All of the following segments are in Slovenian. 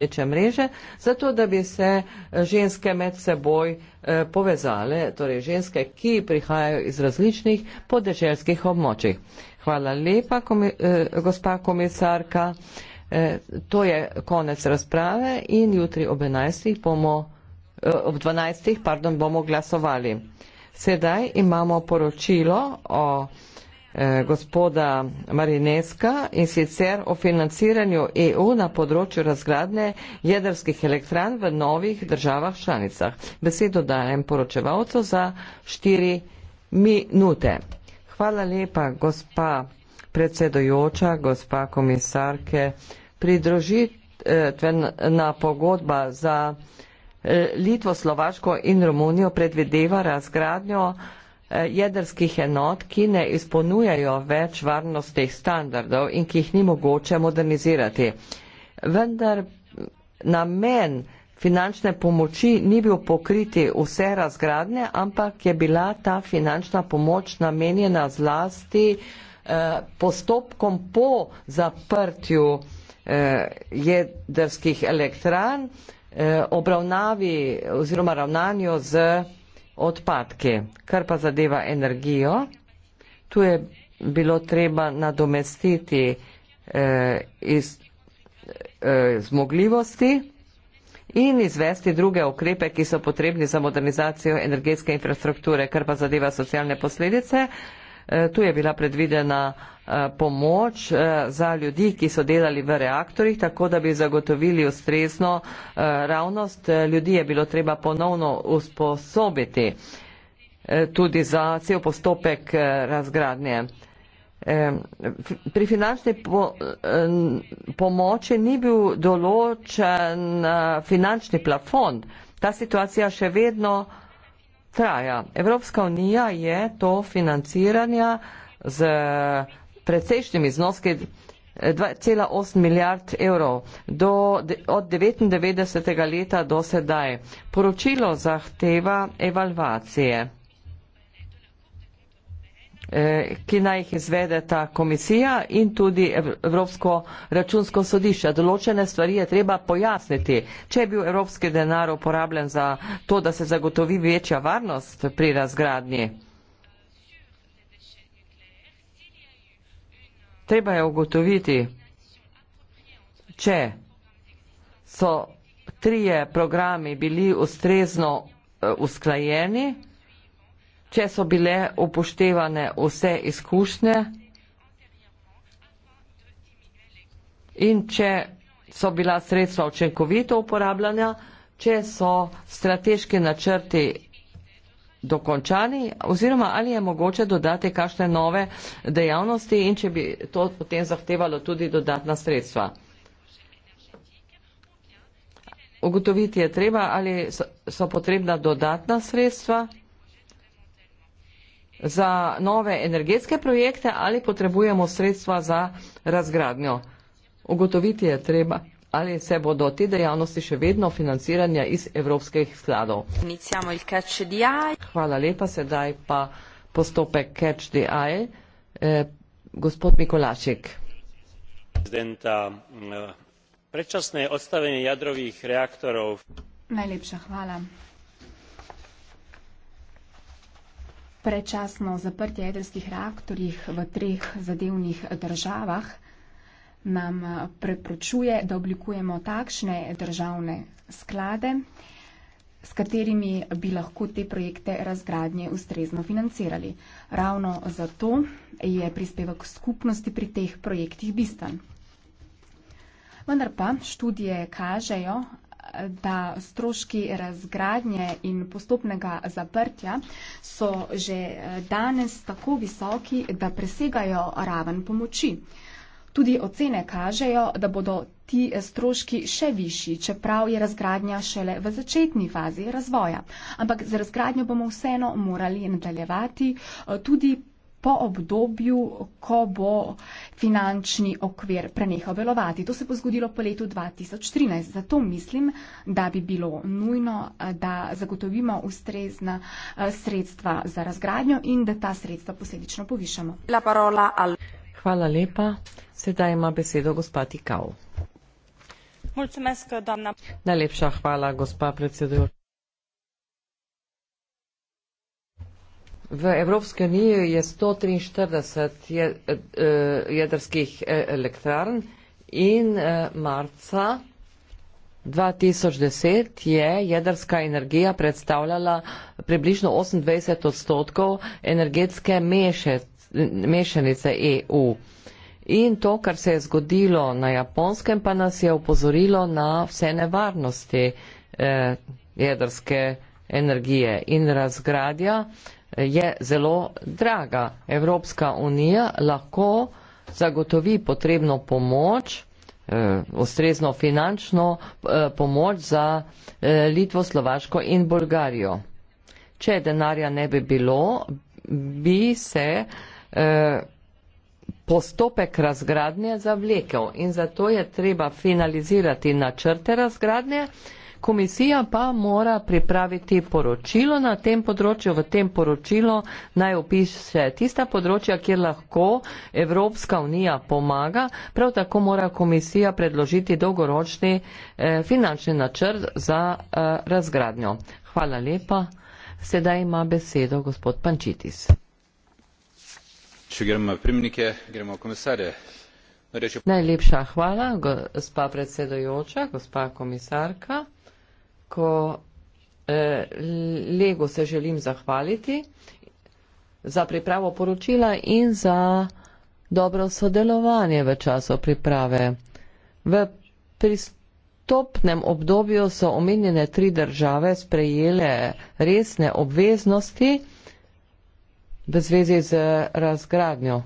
večje mreže, zato da bi se eh, ženske med seboj eh, povezale, torej ženske, ki prihajajo iz različnih podeželskih območij. Hvala lepa, komi, eh, gospa komisarka. To je konec razprave in jutri ob 11. bomo, ob 12. pardon, bomo glasovali. Sedaj imamo poročilo o Eh, gospoda Marineska in sicer o financiranju EU na področju razgradne jedrskih elektran v novih državah članicah. Besedo dajem poročevalcu za štiri minute. Hvala lepa, gospa predsedojoča, gospa komisarke. Pridružitvena pogodba za eh, Litvo, Slovaško in Romunijo predvideva razgradnjo Eh, jedrskih enot, ki ne izpolnjujejo več varnostnih standardov in ki jih ni mogoče modernizirati. Vendar namen finančne pomoči ni bil pokriti vse razgradnje, ampak je bila ta finančna pomoč namenjena zlasti eh, postopkom po zaprtju eh, jedrskih elektran, obravnavi oziroma ravnanju z odpadke. Kar pa zadeva energijo, tu je bilo treba nadomestiti eh, iz, eh, zmogljivosti in izvesti druge ukrepe, ki so potrebni za modernizacijo energetske infrastrukture, kar pa zadeva socialne posledice. Eh, tu je bila predvidena eh, pomoč eh, za ljudi, ki so delali v reaktorjih, tako da bi zagotovili ustrezno ravnost. Ljudi je bilo treba ponovno usposobiti tudi za cel postopek razgradnje. Pri finančni pomoči ni bil določen finančni plafond. Ta situacija še vedno traja. Evropska unija je to financiranja z precejšnjimi znoski 2,8 eh, milijard evrov do, od 99. leta do sedaj. Poročilo zahteva evalvacije. Eh, ki naj jih izvede ta komisija in tudi Evropsko računsko sodišče. Določene stvari je treba pojasniti. Če je bil evropski denar uporabljen za to, da se zagotovi večja varnost pri razgradnji, treba je ugotoviti, če so trije programi bili ustrezno eh, usklajeni, uh, če so bile upoštevane vse izkušnje in če so bila sredstva učinkovito uporabljanja, če so strateški načrti dokončani oziroma ali je mogoče dodati kakšne nove dejavnosti in če bi to potem zahtevalo tudi dodatna sredstva. Ugotoviti je treba, ali so, so potrebna dodatna sredstva za nove energetske projekte ali potrebujemo sredstva za razgradnjo. Ugotoviti je treba, ali se bodo te dejavnosti še vedno financiranja iz evropskih skladov. Hvala lepa, sedaj pa postopek Catch the Eye. E, gospod Mikolašik. Eh, predčasne odstavljanje jadrovih reaktorov. Najlepša hvala. predčasno zaprtje jedrskih reaktorjih v treh zadevnih državah nam eh, preprečuje, da oblikujemo takšne državne sklade, s katerimi bi lahko te projekte razgradnje ustrezno financirali. Ravno zato je prispevek skupnosti pri teh projektih bistven. Vendar pa študije kažejo, da stroški razgradnje in postopnega zaprtja so že eh, danes tako visoki, da presegajo raven pomoči. Tudi ocene kažejo, da bodo ti eh, stroški še višji, čeprav je razgradnja šele v začetni fazi razvoja. Ampak za razgradnjo bomo vseeno morali nadaljevati, eh, tudi po obdobju, ko bo finančni okvir prenehal delovati. To se bo zgodilo po letu 2013. Zato mislim, da bi bilo nujno, da zagotovimo ustrezna eh, sredstva za razgradnjo in da ta sredstva posledično povišamo. Hvala lepa. Sedaj ima besedo gospa Tikau. Najlepša hvala, gospa predsedujoča. V Evropski uniji je 143 eh, jedrskih eh, elektrarn in eh, marca 2010 je jedrska energija predstavljala približno 28 odstotkov energetske meše, mešanice EU. In to, kar se je zgodilo na japonskem, pa nas je upozorilo na vse nevarnosti jedrske energije in razgradja eh, je zelo draga. Evropska unija lahko zagotovi potrebno pomoč, eh, ustrezno finančno eh, pomoč za eh, Litvo, Slovaško in Bolgarijo. Če denarja ne bi bilo, bi se postopek razgradnje zavlekel in zato je treba finalizirati načrte razgradnje komisija pa mora pripraviti poročilo na tem področju. V tem poročilu naj opiše tista področja, kjer lahko Evropska unija pomaga. Prav tako mora komisija predložiti dolgoročni eh, finančni načrt za eh, razgradnjo. Hvala lepa. Sedaj ima besedo gospod Pančitis. Če gremo primnike, gremo komisarje. Najlepša hvala, gospa predsedojoča, gospa komisarka ko eh, Lego se želim zahvaliti za pripravo poročila in za dobro sodelovanje v času priprave. V pristopnem obdobju so omenjene tri države sprejele resne obveznosti v zvezi z razgradnjo.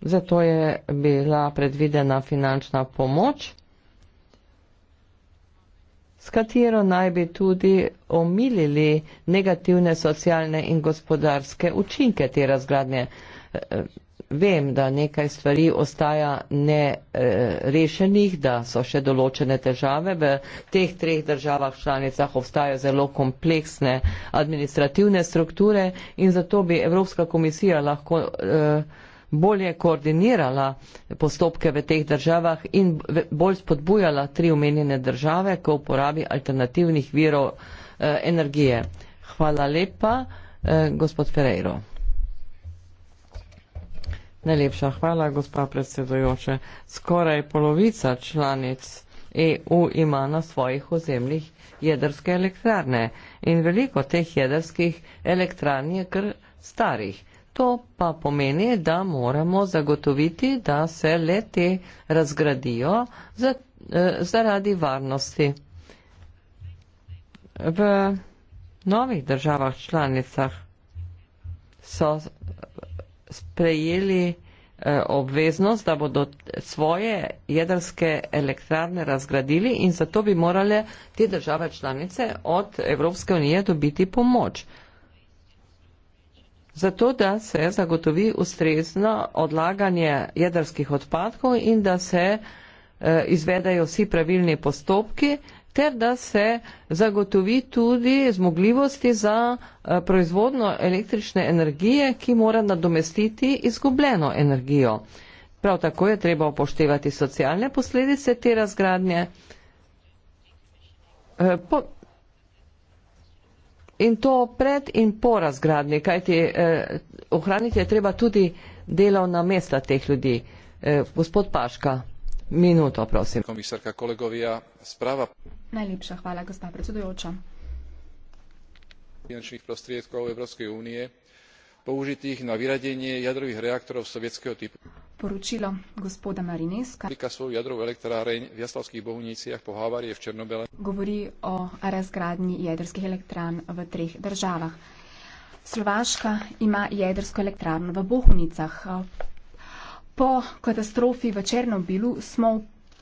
Zato je bila predvidena finančna pomoč s katero naj bi tudi omilili negativne socialne in gospodarske učinke te razgradnje. Eh, eh, vem, da nekaj stvari ostaja nerešenih, da so še določene težave. V teh treh državah članicah obstajajo zelo kompleksne administrativne strukture in zato bi Evropska komisija lahko eh, bolje koordinirala postopke v teh državah in bolj spodbujala tri omenjene države k uporabi alternativnih virov eh, energije. Hvala lepa, eh, gospod Ferreiro. Najlepša hvala, gospa predsedujoče. Skoraj polovica članic EU ima na svojih ozemljih jedrske elektrarne in veliko teh jedrskih elektrarn je kar starih. To pa pomeni, da moramo zagotoviti, da se le te razgradijo za, eh, zaradi varnosti. V novih državah članicah so eh, sprejeli eh, obveznost, da bodo svoje jedrske elektrarne razgradili in zato bi morale te države članice od Evropske unije dobiti pomoč zato da se zagotovi ustrezno odlaganje jedrskih odpadkov in da se eh, izvedajo vsi pravilni postopki, ter da se zagotovi tudi zmogljivosti za eh, proizvodno električne energije, ki mora nadomestiti izgubljeno energijo. Prav tako je treba upoštevati socialne posledice te razgradnje. Eh, in to pred in po razgradnji, kajti eh, ohraniti je treba tudi delovna mesta teh ljudi. Eh, gospod Paška, minuto, prosim. Komisarka, kolegovija, sprava. Najlepša hvala, gospa predsedujoča. Finančnih prostriedkov Európskej únie použitých na vyradenie jadrových reaktorov sovietského typu poručilo gospoda Marineska govori o razgradnji jedrskih elektran v treh državah. Slovaška ima jedrsko elektrarno v Bohunicah. Po katastrofi v Černobilu smo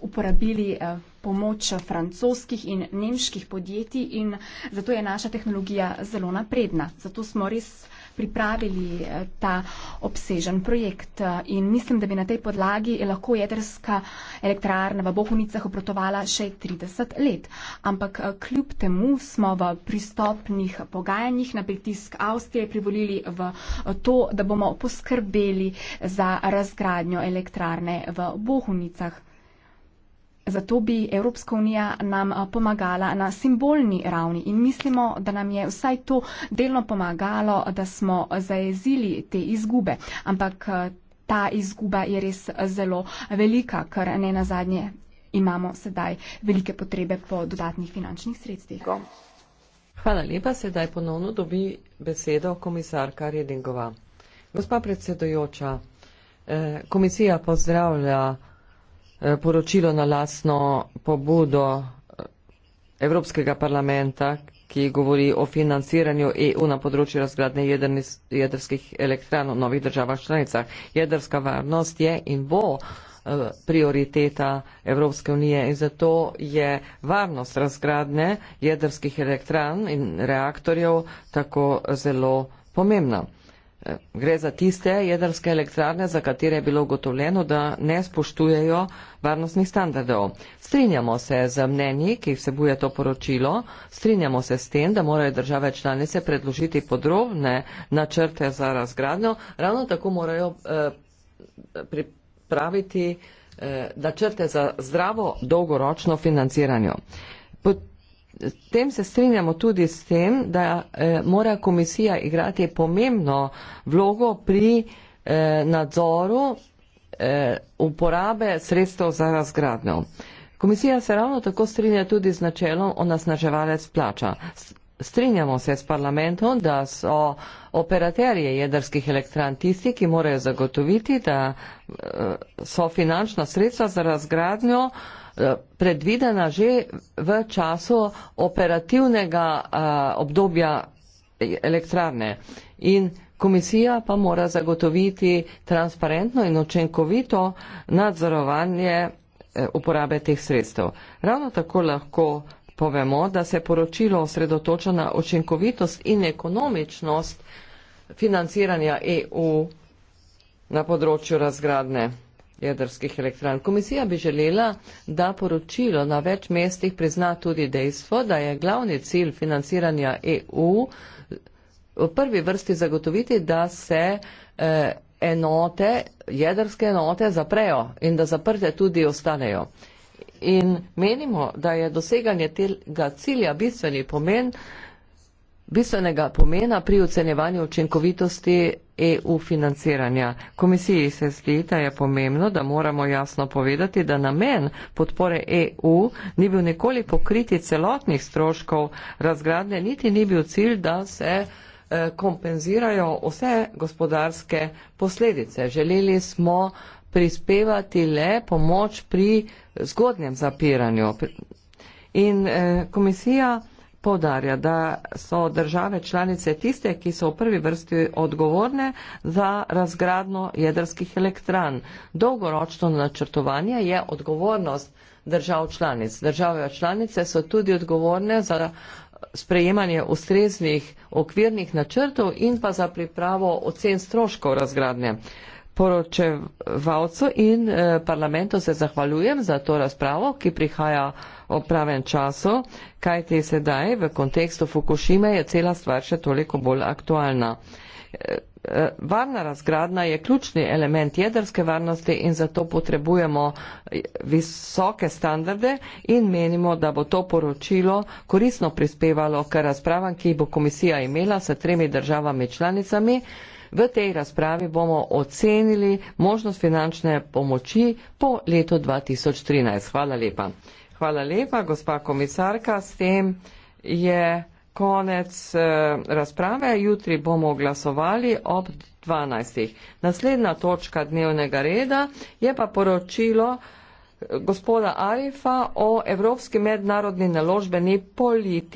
uporabili eh, pomoč francoskih in nemških podjetij in zato je naša tehnologija zelo napredna. Zato smo res pripravili eh, ta obsežen projekt. Eh, in mislim, da bi na tej podlagi lahko jedrska elektrarna v Bohunicah oprotovala še 30 let. Ampak eh, kljub temu smo v pristopnih pogajanjih na pritisk Avstrije privolili v to, da bomo poskrbeli za razgradnjo elektrarne v Bohunicah. Zato bi Evropska unija nam pomagala na simbolni ravni in mislimo, da nam je vsaj to delno pomagalo, da smo zajezili te izgube. Ampak ta izguba je res zelo velika, ker ne na zadnje imamo sedaj velike potrebe po dodatnih finančnih sredstvih. Hvala lepa. Sedaj ponovno dobi besedo komisarka Redingova. Gospa predsedojoča, eh, komisija pozdravlja. Eh, poročilo na lasno pobudo eh, Evropskega parlamenta, ki govori o financiranju EU na področju razgradnje jedrskih elektran v novih državah članicah. Jedrska varnost je in bo eh, prioriteta Evropske unije in zato je varnost razgradnje jedrskih elektran in reaktorjev tako zelo pomembna. Gre za tiste jedrske elektrarne, za katere je bilo ugotovljeno, da ne spoštujejo varnostnih standardov. Strinjamo se z mnenji, ki vsebuje to poročilo, strinjamo se s tem, da morajo države članice predložiti podrobne načrte za razgradnjo, ravno tako morajo eh, pripraviti eh, načrte za zdravo dolgoročno financiranje tem se strinjamo tudi s tem, da eh, mora komisija igrati pomembno vlogo pri eh, nadzoru eh, uporabe sredstev za razgradnjo. Komisija se ravno tako strinja tudi z načelom o nasnaževalec plača strinjamo se s parlamentom, da so operaterje jedrskih elektran tisti, ki morajo zagotoviti, da eh, so finančna sredstva za razgradnjo eh, predvidena že v času operativnega eh, obdobja elektrarne. In komisija pa mora zagotoviti transparentno in očenkovito nadzorovanje uporabe teh sredstev. Ravno tako lahko Povemo, da se je poročilo osredotoča na očinkovitost in ekonomičnost financiranja EU na področju razgradne jedrskih elektran. Komisija bi želela, da poročilo na več mestih prizna tudi dejstvo, da je glavni cilj financiranja EU v prvi vrsti zagotoviti, da se eh, enote, jedrske enote zaprejo in da zaprte tudi ostanejo in menimo, da je doseganje tega cilja bistveni pomen, bistvenega pomena pri ocenjevanju učinkovitosti EU financiranja. Komisiji se zdi, da je pomembno, da moramo jasno povedati, da namen podpore EU ni bil nikoli pokriti celotnih stroškov razgradnje, niti ni bil cilj, da se eh, kompenzirajo vse gospodarske posledice. Želeli smo prispevati le pomoč pri zgodnjem zapiranju. In eh, komisija podarja, da so države članice tiste, ki so v prvi vrsti odgovorne za razgradno jedrskih elektran. Dolgoročno načrtovanje je odgovornost držav članic. Države članice so tudi odgovorne za sprejemanje ustreznih okvirnih načrtov in pa za pripravo ocen stroškov razgradnje poročevalcu in eh, parlamentu se zahvaljujem za to razpravo, ki prihaja o pravem času, kajti sedaj v kontekstu Fukushime je cela stvar še toliko bolj aktualna. Eh, eh, varna razgradna je ključni element jedrske varnosti in zato potrebujemo visoke standarde in menimo, da bo to poročilo koristno prispevalo k razpravam, ki jih bo komisija imela s tremi državami članicami. V tej razpravi bomo ocenili možnost finančne pomoči po letu 2013. Hvala lepa. Hvala lepa, gospa komisarka. S tem je konec eh, razprave. Jutri bomo glasovali ob 12. Naslednja točka dnevnega reda je pa poročilo eh, gospoda Arifa o Evropski mednarodni naložbeni politiki.